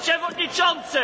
Przewodniczący!